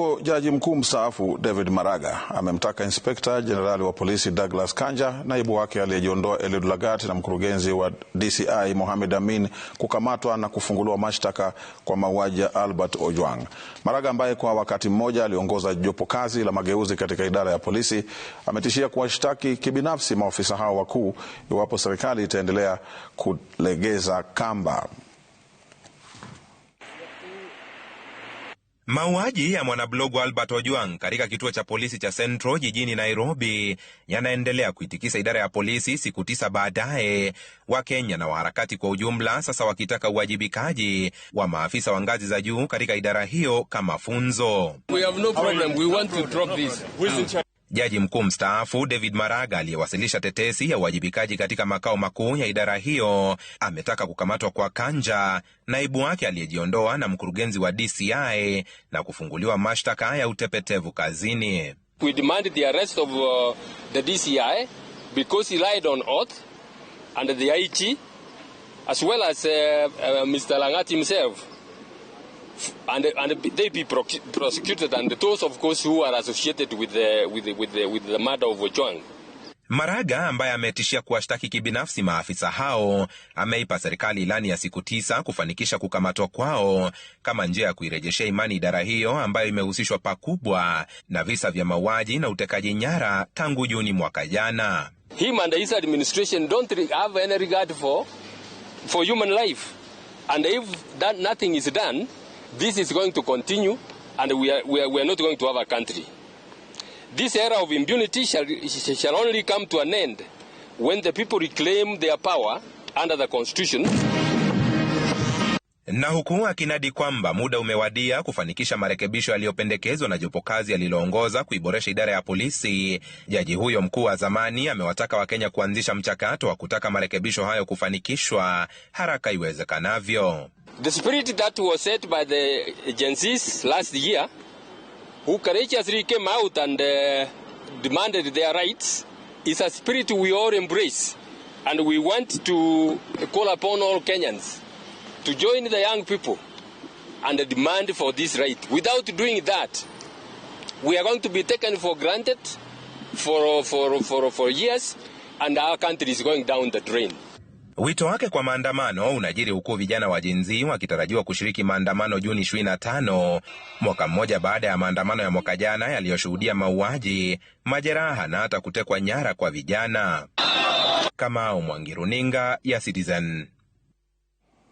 Huko jaji mkuu mstaafu David Maraga amemtaka inspekta jenerali wa polisi Douglas Kanja, naibu wake aliyejiondoa Eliud Lagat na mkurugenzi wa DCI Mohamed Amin kukamatwa na kufunguliwa mashtaka kwa mauaji ya Albert Ojwang. Maraga ambaye kwa wakati mmoja aliongoza jopo kazi la mageuzi katika idara ya polisi ametishia kuwashtaki kibinafsi maofisa hao wakuu iwapo serikali itaendelea kulegeza kamba. Mauaji ya mwanablogu Albert Ojwang katika kituo cha polisi cha Centro jijini Nairobi yanaendelea kuitikisa idara ya polisi, siku tisa baadaye, Wakenya na waharakati kwa ujumla sasa wakitaka uwajibikaji wa maafisa wa ngazi za juu katika idara hiyo kama funzo. We have no problem. We want to drop this. Jaji mkuu mstaafu David Maraga aliyewasilisha tetesi ya uwajibikaji katika makao makuu ya idara hiyo ametaka kukamatwa kwa Kanja, naibu wake aliyejiondoa na mkurugenzi wa DCI na kufunguliwa mashtaka ya utepetevu kazini. We demand the arrest of uh, the DCI because he lied on oath the IG as well as uh, uh, Mr. Langati himself and, and they be prosecuted and those of course who are associated with the, with the, with the, with the murder of Ojwang. Maraga ambaye ametishia kuwashtaki kibinafsi maafisa hao ameipa serikali ilani ya siku tisa kufanikisha kukamatwa kwao kama njia ya kuirejeshea imani idara hiyo ambayo imehusishwa pakubwa na visa vya mauaji na utekaji nyara tangu Juni mwaka jana. Him and his administration don't have any regard for, for human life and if that nothing is done This is going to continue and we are, we are, we are not going to have a country. This era of impunity shall, shall only come to an end when the people reclaim their power under the constitution na huku akinadi kwamba muda umewadia kufanikisha marekebisho yaliyopendekezwa na jopo kazi aliloongoza kuiboresha idara ya polisi, jaji huyo mkuu wa zamani amewataka Wakenya kuanzisha mchakato wa kutaka marekebisho hayo kufanikishwa haraka iwezekanavyo. The to join the young people and demand for this right. Without doing that, we are going to be taken for granted for, for, for, for years and our country is going down the drain. Wito wake kwa maandamano unajiri huku vijana wa Gen Z wakitarajiwa kushiriki maandamano Juni 25, mwaka mmoja baada ya maandamano ya mwaka jana yaliyoshuhudia mauaji, majeraha na hata kutekwa nyara kwa vijana. Kamau Mwangi, runinga ya Citizen.